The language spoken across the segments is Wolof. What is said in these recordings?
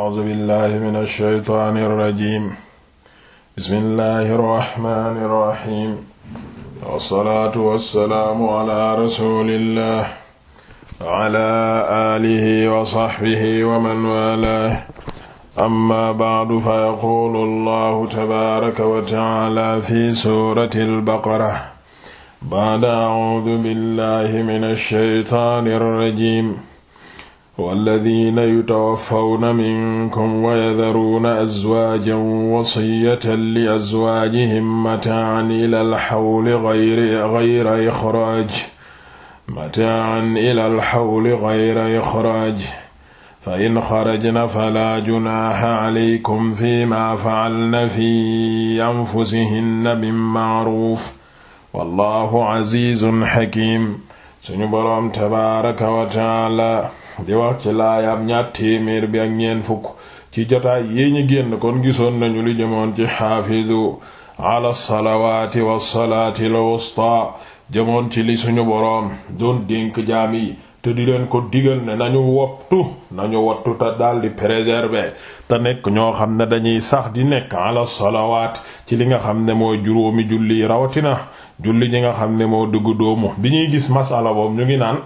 a'uuzu billahi mina shaytaani rajiim bismillahi rahmaani rahiim wassalaatu wassalaamu ala rasulillah wa ala aalihi wa sahbihi wa man waalaahu amma ba'du fa yaquulu allahu tabaaraka wa ta'aala fi suuratil baqara ba'da a'uuzu billahi mina shaytaani rajiim walladina yutawaffawna minkum wa yadharuuna azwaajan wasiyatan li azwaajihim mataan ila alxawli gayra ixraaj mataan ila alxawli gayra ixraaj fa in xarajna falaa junaaxa calaykum fiimaa facalna fi anfusihinna min macruuf wallahu casiizun xakiim suñu boroom tabaaraka wa tacaala di wax ci laayaab ñaar téeméer bi ak ñeent fukk ci jotaay yee ñi génn kon gisoon nañu li jëmoon ci xaafidu ala salawaati wasalaati la wusta jëmoon ci li suñu boroom doon dénk jaam yi te di leen ko digal ne nañu wattu nañu wottu te daldi préserver te nekk ñoo xam ne dañuy sax di nekk ala salawaat ci li nga xam ne mooy juróomi julli rawatina julli ñi nga xam ne moo dugg doomu bi ñuy gis masala boobu ñu ngi naan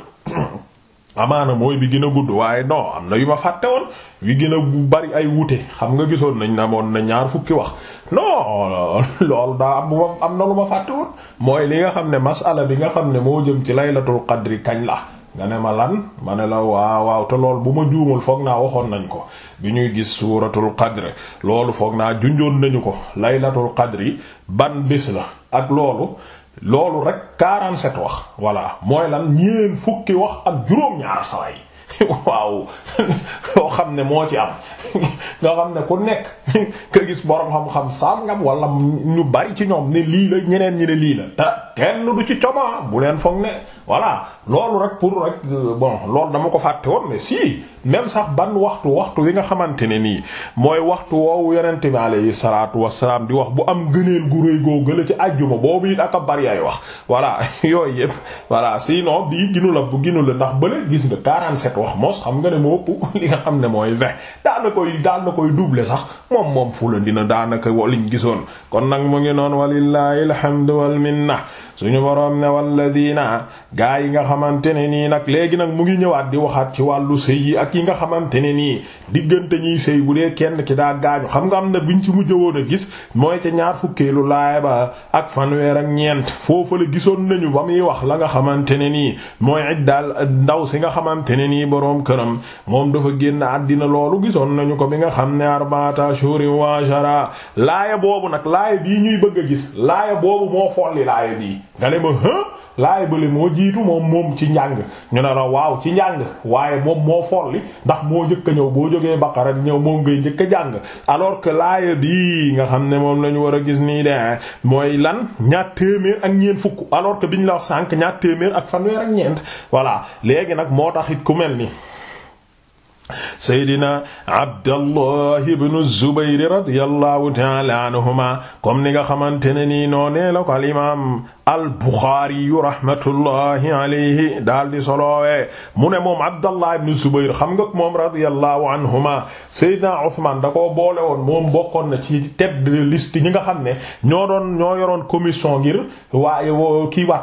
amaana mooy bi gën a gudd waaye non am na yu ma fàtte woon yu gën a bari ay wute xam nga gisoon nañ na moon na ñaar fukki wax non na lu ma fàtte mooy li nga xam ne masala bi nga xam ne moo jëm ci laylatul qadri kañ la nga ne ma lan ma ne la waaw waaw lool bu ma juumul foog naa waxoon nañ ko bi ñuy gis suuratul qadr loolu foog naa junjoon nañu ko laylatul qadri ban bis la ak loolu loolu rek 47 wax voilà mooy lan ñeen fukki wax ak juróom-ñaar saway waaw loo xam ne moo ci am nga xam ne ku nekk ka gis borom xam-xam sàngam wala ñu bari ci ñoom ni lii la ñeneen ñi lii la te kenn du ci coma bu leen foog ne voilà loolu rek pour rek euh, bon loolu dama ko fàtte woon mais si même sax ban waxtu waxtu wi nga xamante ne nii mooy waxtu woowu yonent bi alayhi salaatu wassalaam di wax bu am gëneel gu rëy goo ci àjjuma boobu it ak a bari ay wax voilà yooyu yëpp voilà sinon bii ginu bu ginu la ndax bële gis nga 47 wax mos xam nga ne moo ëpp li nga xam ne mooy 20 daana koy daana koy double sax moom moom fu la dina daanaka liñ gisoon kon nag mu ngi noon walillahi alhamdu wal minna suñu boroom ne walladina gaa yi nga xamante ne nii nag léegi nag mu ngi ñëwaat di waxaat ci wàllu sëy yi ak yi nga xamante ne nii diggante ñiy sëy bu dee kenn ki daa gaañu xam nga am na ñu ci mujj woon a gis mooy ca ñaar fukkeelu laaya ba ak fanweer ak ñeent foofu la gisoon nañu ba muy wax la nga xamante ne nii mooy it daal ndaw si nga xamante ne nii boroom këram moom dafa génn àddina loolu gisoon nañu ko bi nga xam ne arbaata shuri wa shara laaya boobu nag laaya bii ñuy bëgg a gis laaya boobu moo folli bii nga ne ma hë laay bële moo jiitu moom moom ci njàng ñu ne la waaw ci njàng waaye moom moo folli ndax moo njëkk a ñëw boo jógee baqara di ñëw moom ngay njëkk a jàng alors que laaya bii nga xam ne moom la ñu war a gis nii de mooy lan ñaat téeméer ak ñeent fukk alors bi ñu la wax sànq ñaar téeméer ak fanweer ak ñeent voilà léegi nag moo tax it ku mel ni seydina abdallahi bnu zubayri radiallahu taala anhuma comme ni nga xamante ne nii noo nee la ko al imam al buxaari daal di solowee mu ne moom abdallah ibnu zubayr xam nga moom radiallahu anhuma seydina usman da koo boole woon moom bokkoon na ci tête de liste ñi nga xam ne ñoo doon ñoo yoroon commission ngir waaye woo kii wax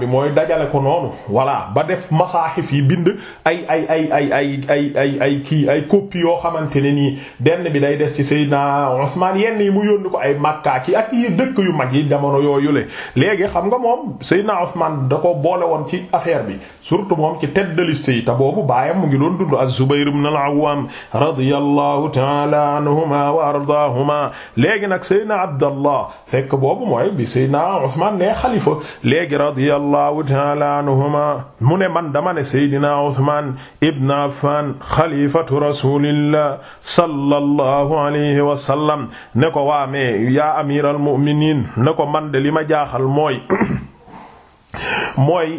bi mooy dajale ko noonu voilà ba def masaahif yi bind ay ay ay ay ay ay ay ay kii ay copie yoo xamante ne nii denn bi day des ci Seydina Usmaan yenn yi mu yónni ko ay Makka ki ak yi dëkk yu mag yi jamono yooyu le léegi xam nga moom Seydina Usmaan da ko boole woon ci affaire bi surtout moom ci tête de liste yi te boobu baayam mu ngi doon dund az-Zubayr ibn al-Awwam radiyallahu ta'ala anhuma wa ardaahuma léegi nag Seydina Abdallah fekk boobu mooy bi Seydina Usmaan ne xalifa léegi radiyallahu ta'ala anhuma mu ne man dama ne Seydina Usmaan ibn Affan xalifatu ne ko waa yaa amiral mu'minin ne ko man de li ma jaaxal mooy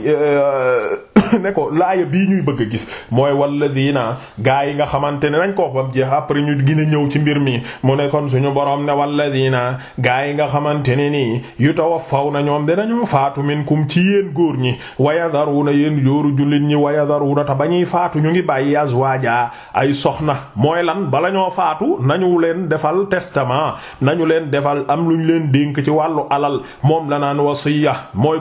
euh, ne ko laaya bii ñuy bëgg a gis mooy walladina gaa yi nga xamante ne nañ ko wax ba mu jeex après ñu gën a ñëw ci mbir mi mu ne kon suñu borom ne walladina gaa yi nga xamante ne nii yu na ñoom dinañu faatu min minkum ci yéen góor ñi wayadharuna yéen yóoru jullit ñi wayadharuna ta ba ñuy faatu ñu ngi bàyyi azwaaja ay soxna mooy lan bala ñoo faatu nañu leen defal testament nañu leen defal am luñ leen dénk ci wàllu alal moom la naan wasiya mooy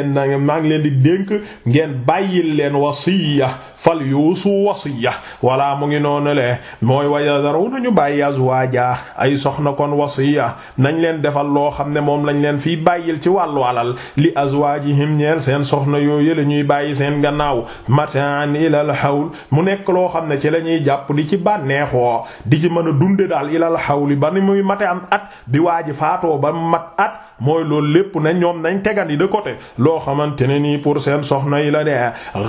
leen na maa ngi leen di dénk ngeen bàyyil leen wasiya fal yuusu wasiya wala mu ngi noonu le mooy wayadaru nañu bàyyi azwaaja ay soxna kon wasiya nañ leen defal loo xam ne moom lañ leen fii bàyyil ci wàllu alal li azwaajihim ñeel seen soxna yooyu la ñuy bàyyi seen gannaaw mataan ilal hawl mu nekk loo xam ne ci la ñuy jàpp di ci bànneexoo di ci mën a dunde daal ilal hawli ba ni muy mate am at bi waa ji faatoo ba mat at mooy loolu lépp ne ñoom loo xamante ne nii pour seen soxna yi la de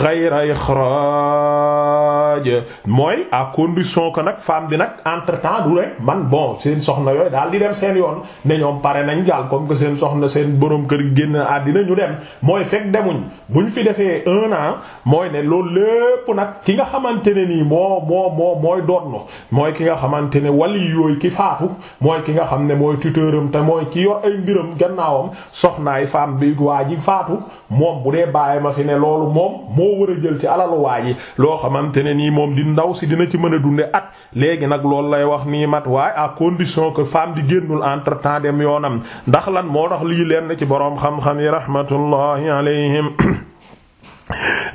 ghayra mooy à condition que nag femme bi nag entre man bon seen soxna daal di dem seen yoon ne ñoom pare nañ daal comme que seen seen borom génn àddina ñu dem mooy fekk demuñ buñ fi defee un an mooy ne loolu lépp nag ki nga xamante ne nii moo moo moo mooy no mooy ki nga xamante ne wali yooyu ki faatu mooy ki nga xam ne mooy tuteuram te mooy ki yor ay mbiram gannaawam soxnaay femme bi waa ji faatu moom bu dee bàyyi ma fi ne loolu moom moo war a jël ci alalu waa loo xamante ne nii moom di ndaw si dina ci mën a dunde at léegi nag loolu lay wax nii mat waaye à condition ko femme di génnul entre temps dem yoonam ndax lan moo tax lii leen ci boroom xam-xam yi rahmatullahi alayhim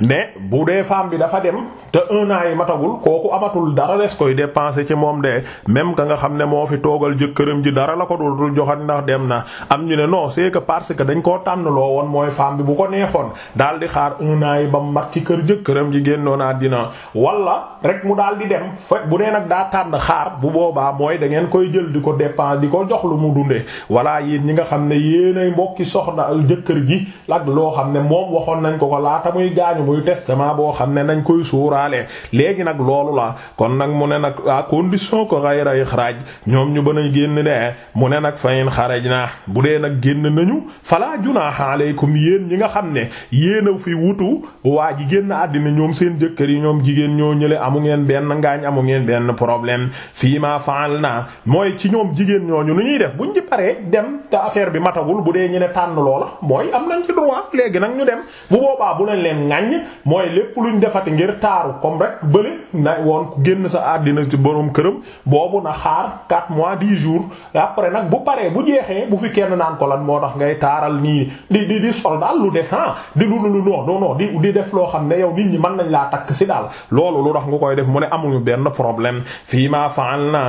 mais bu dee femme bi dafa dem te un yi matagul kooku amatul dara des koy dépenser ci moom de même ka nga xam ne moo fi toogal jëkkëram ji dara la ko dootul ndax dem na am ñu ne non c'est que parce que dañ koo tànnaloo woon mooy femme bi bu ko neexoon daal di xaar un an yi ba mu mat ci kër jëkkëram ji génnoon àddina wala rek mu daal di dem fekk bu dee nag daa tànn xaar bu boobaa mooy da ngeen koy jël di ko dépense di ko jox lu mu dundee wala yéen ñi nga xam ne yéenay mbokki soxna jëkkër ji ak loo xam ne moom waxoon nañ ko ko laata muy muy gaañu muy testament boo xam ne nañ koy suuraale léegi nag loolu la kon nag mu ne nag à condition que ghayra ikhraj ñoom ñu bën a génn de mu ne nag fayin xaraj na bu dee nag génn nañu fala junaha alaykum yéen ñi nga xam ne yéen a fi wutu waa ji génn àddina ñoom seen jëkkër yi ñoom jigéen ñoo ñële amu ngeen benn ngaañ amu ngeen benn problème fii maa faal naa mooy ci ñoom jigéen ñooñu nu ñuy def buñ ci paree dem te affaire bi matagul bu dee ñu ne tànn loola mooy am nañ ci droit léegi nag ñu dem bu boobaa bu lañ leen ŋaññ mooy lépp luñ defati ngir taaru comme rek bële na woon génn sa àddina ci borom këram boobu na xaar 4 mois di jours après nag bu paree bu jeexee bu fi kenn naan ko lan moo tax ngay taaral nii di di di sol daal lu descend di lu lu non non di di def loo xam ne yow nit ñi mën nañ laa takk si daal loolu lu tax nga koy def mu ne amuñu benn problème fii ma fa'alna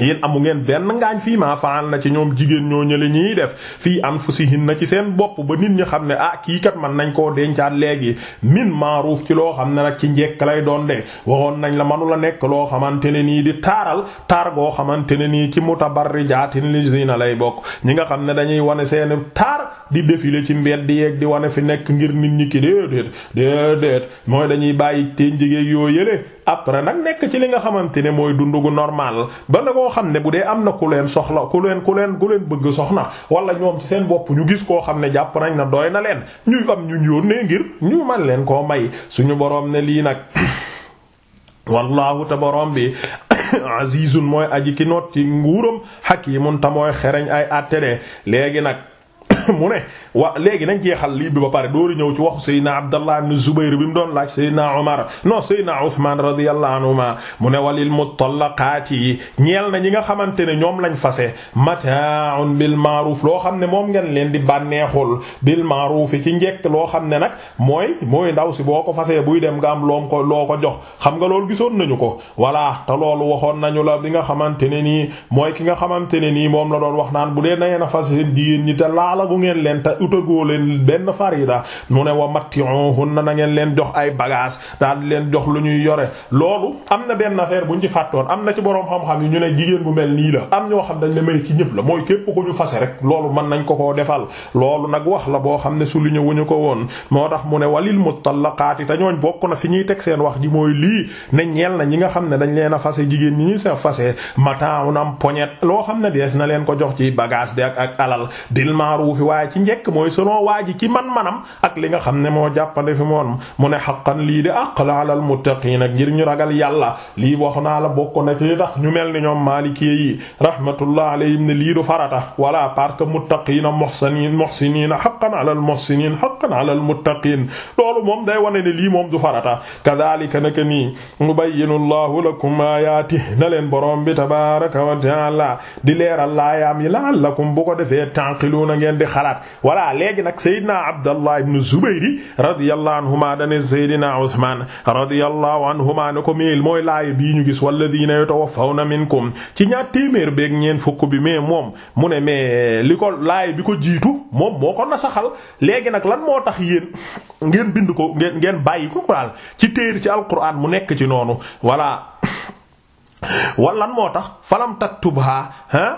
yéen amu ngeen benn ngaañ fii maa faal na ci ñoom jigéen ñoo ñële ñiy def fii am fu si hin na ci seen bopp ba nit ñi xam ne ah kii kat man nañ koo dencaat léegi min maaruuf ci loo xam ne nag ci njekk lay doon de waxoon nañ la manu la nekk loo xamante ne nii di taaral taar goo xamante ne nii ci mutabarrijaatin li zina lay bokk ñi nga xam ne dañuy wane seen taar di défilé ci di yeeg di wane fi nekk ngir nit ñi ki déedéet déedéet mooy dañuy bàyyi te yoo yële après nag nekk ci li nga xamante ne mooy dund gu normal ba na koo xam ne bu dee am na ku leen soxla ku leen ku leen ku leen bëgg soxna wala ñoom ci seen bopp ñu gis koo xam ne jàpp nañ na doy na leen ñuy am ñu yónnee ngir ñu man leen koo may suñu boroom ne lii nag wallahu te boroom bi azizun mooy aji ki noot ci nguuram hakimun ta mooy xereñ ay attede léegi nag mu ne wa léegi nañ cee xal lii bi ba pare dooru ñëw ci waxu Seydina Abdallah ibn Zubayr bi mu doon laaj Seydina Omar non Seydina Uthman radiyallahu anhuma mu ne walil mutallaqaati ñeel na ñi nga xamante ne ñoom lañ fase mataa'un bil ma'ruf loo xam ne moom ngeen leen di bànneexul bil ma'ruf ci njekk loo xam ne nag mooy mooy ndaw si boo ko fasee buy dem nga am loo ko jox xam nga loolu gisoon nañu ko voilà loolu waxoon nañu la bi nga xamante ne nii mooy ki nga xamante ne nii moom la doon wax naan bu dee na yeen a fase diin ñi te laala bu ngeen leen ta utagoo leen leen jox ay bagage daal leen jox lu ñuy yore loolu am na benn affaire buñ ci fàttoon am na ci boroom xam-xam yi ñu ne jigéen bu mel nii la am ñoo xam dañ la may ci ñëpp la mooy képp ko ñu fase rek loolu mën nañ ko koo defal loolu nag wax la boo xam ne souligné ñu ko woon moo tax mu ne walil mutallaqaati te ñooñ bokk na fi ñuy teg seen wax ji mooy lii ne ñeel na ñi nga xam ne dañ leen a fase jigéen ñi ñuy sa fase mataun am poñet loo xam ne dees na leen ko jox ci bagaas de ak ak alal dil ma'ruf fi waaye ci njekk mooy selon waa ji ci man-manam ak li nga xam ne moo jàppande fi moom mu ne xaqan lii di àq la alal muttaqiin ngir ñu ragal yàlla lii wax naa la bokk na ci li tax ñu mel ni ñoom maalikee yi rahmatullah alayhim ne lii du farata wala parce que muttaqiina muhsiniin muhsiniina xaqan alal muhsiniin xaqan alal muttaqiin loolu moom day wane ne lii moom du farata kadhalika naka nii yubayyinu allahu lakum aayaatihi na leen borom bi tabaaraka wa ta'aala di leeral laayaam yi la'allakum bu ko defee tànqiluuna ngeen di xalaat voilà léegi nag Seydina Abdallah ibn Zubayr radiyallahu anhuma dane Seydina Usmaan radiyallahu anhuma ne ko mil mooy laaya bi ñu gis walladina yatawaffawna minkum ci ñaar téeméer beeg ñeen fukk bi mais moom mu ne mais li ko laaya bi ko jiitu moom moo ko nasaxal léegi nag lan moo tax yéen ngeen bind ko ngeen ngeen bàyyi ko daal ci téer ci alquran mu nekk ci noonu voilà lan moo tax falam taktubha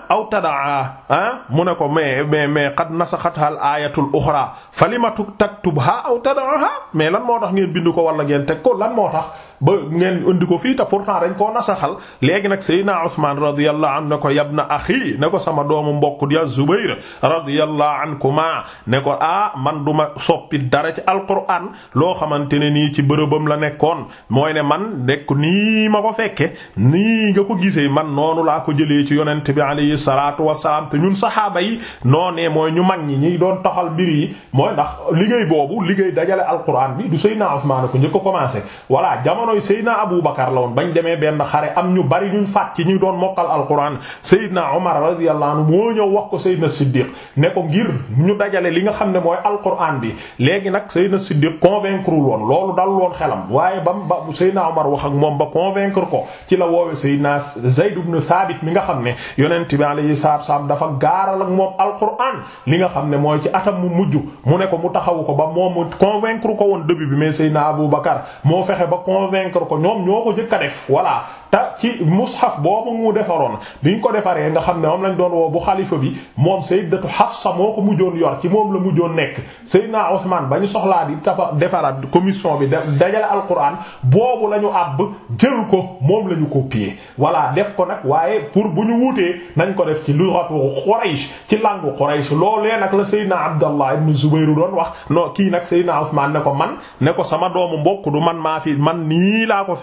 aw tadaa ah mu ne ko mais mais mais qad nasaxathal ayatul uxra falima taktubha aw tadaaha mais lan moo tax ngeen bind ko wala ngeen teg ko lan moo tax ba ngeen indi ko fii te pourtant dañ koo nasaxal léegi nag Seydina Usmaan radiyallahu anhu na ko yab na axi ne ko sama doomu mbokk di Zubayr radiyallahu ankuma ne ko ah man duma soppi dara ci alquran loo xamante ne nii ci bërëbam la nekkoon mooy ne man nekk nii ma ko fekke nii nga ko gisee man noonu laa ko jëlee ci yonent bi alayhi salaatu wassalaam te ñun saxaaba yi noonee mooy ñu mag ñi ñi doon toxal mbir yi mooy ndax liggéey boobu liggéey dajale alquran bi du Seydina Usmaan jamonoy Seydina Abu Bakar la woon bañ demee benn xare am ñu bari ñu faat ci ñu doon mokkal alquran Seydina Omar radiyallahu anhu moo ñëw wax ko Seydina Siddiq ne ko ngir ñu dajale li nga xam ne mooy alquran bi léegi nag Seydina Siddiq convaincre woon loolu dal woon xelam waaye ba mu ba Seydina Omar wax ak moom ba convaincre ko ci la woowe Seydina Zayd ibn Thabit mi nga xam ne yonent bi alayhi salaatu salaam dafa gaaral ak moom alquran li nga xam ne mooy ci atam mu mujj mu ne ko mu taxawu ko ba moom mu convaincre ko woon début bi mais Seydina Abu Bakar convaincre ko ñoom ñoo ko jëkk a def voilà te dara ci mushaf boobu mu defaroon ñu ko defaree nga xam ne moom lañ doon woo bu xalifa bi moom sayyidatu Hafsa moo ko mujjoon yor ci moom la mujjoon nekk sayyidna Usman ba ñu soxlaa di tafa defaraat commission bi dajale alquran boobu la ñu àbb jël ko moom lañu ñu copier voilà def ko nag waaye pour bu ñu wuutee nañ ko def ci lu lughatu Quraysh ci langue Quraysh loolee nag la sayyidna Abdallah ibn Zubayr doon wax non kii nag sayyidna Usman ne ko man ne ko sama doomu mbokk du man maa fi man nii laa ko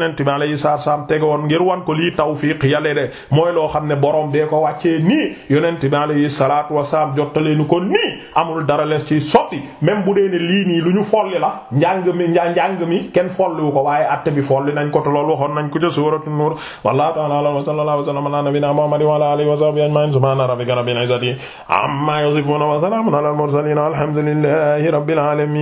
yonent bi alayhi salaam tegoon ngir wan ko lii tawfiq yàlla de mooy loo xam ne borom bee ko wàccee nii yonent bi alayhi salaatu wasalaam jottale nu ko nii amul dara lees ci sotti même bu dee ne lii nii lu ñu folli la njàng mi njàng mi kenn folliwu ko waaye atte bi folli nañ ko te loolu waxoon nañ ko ci nuur wallahu ta'ala a'lam wa sallallahu wa sallama ala nabiyyina muhammadin wa ala wa sahbihi ajma'in subhana rabbika rabbil izzati amma yasifun wa salamun ala al mursalin alhamdulillahi rabbil alamin